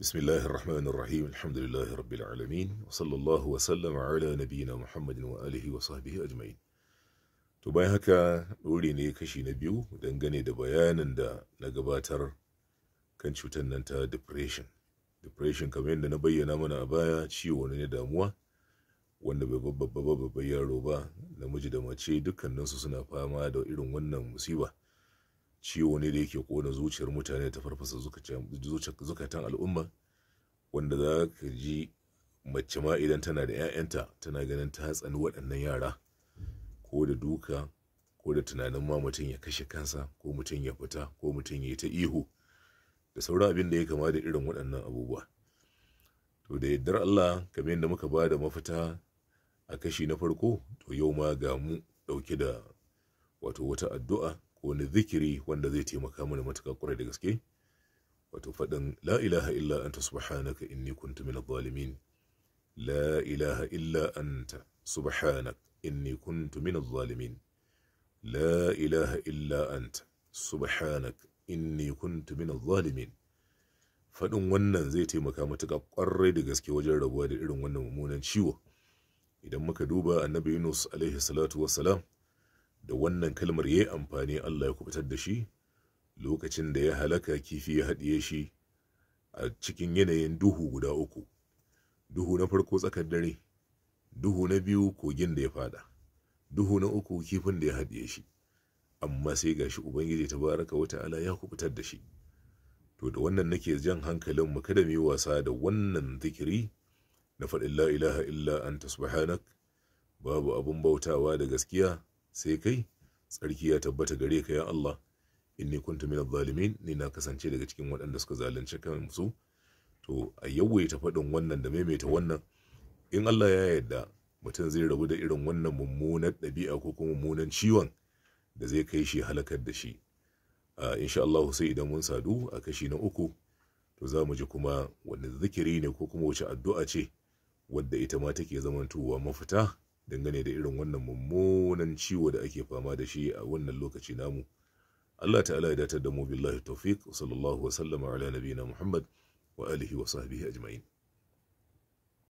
بسم الله الرحمن الرحيم الحمد لله رب العالمين وصلى الله وسلم على نبينا محمد وآله وصحبه أجمعين to bayan haka ɗore ne kashi na biyu dangane da bayanin da na gabatar kan cutar nan ta depression depression kamar yadda na bayyana mana a baya ciwo ne na damuwa wanda bai babba babba yaro ba namiji da mace dukkaninsu suna fama da irin wannan musiba ciwo ne da yake kona zuciyar mutane ta farfasa zukatan al'umma wanda za ka ji mace ma idan tana da 'ya'yanta tana ganin ta tsani waɗannan yara ko da duka ko da tunanin ma mutum ya kashe kansa ko mutum ya fita ko mutum ya yi ta ihu da sauran abin da ya kama da irin waɗannan abubuwa to da yardar Allah kamar yadda muka ba da mafita a kashi na farko to yau ma ga mu ɗauke da wato wata addu'a ko wani zikiri wanda zai taimaka mana matuƙa ƙwarai da gaske wato faɗin la ilaha illa anta subhanaka inni kuntu minadh zalimin la ilaha illa anta subhanak inni kuntu minadh zalimin la ilaha illa anta subhanak inni kuntu minadh zalimin faɗin wannan zai taimaka matuƙa ƙwarai da gaske wajen rabuwa da irin wannan mummunan ciwo idan muka duba annabi Yunus alaihi salatu wassalam da wannan kalmar ya yi amfani Allah ya kubutar da shi lokacin da ya halaka kifi ya haɗiye shi a cikin yanayin duhu guda uku duhu na farko tsakar dare duhu na biyu kogin da ya fada duhu na uku kifin da ya haɗiye shi amma sai gashi ubangiji ta baraka wata ala ya kubutar da shi to da wannan nake jan hankalin mu kada mu yi wasa da wannan zikiri na faɗin la ilaha illa anta subhanak babu abun bautawa da gaskiya sai kai tsarki ya tabbata gare ka ya Allah inni kuntu min zalimin ni na kasance daga cikin waɗanda suka zalunci kansu to a yawaita faɗin wannan da maimaita wannan in Allah ya yarda mutum zai rabu da irin wannan mummunar ɗabi'a ko kuma mummunan ciwon da zai kai shi halakar da shi insha Allah sai idan mun sadu a kashi na uku to za mu ji kuma wani zikiri ne ko kuma wace addu'a ce wadda ita ma take zamantowa mafita dangane da irin wannan mummunan ciwo da ake fama da shi a wannan lokaci namu Allah ta'ala ya datar da mu billahi tawfiq sallallahu wa sallama ala nabiyina Muhammad wa alihi wa sahbihi ajma'in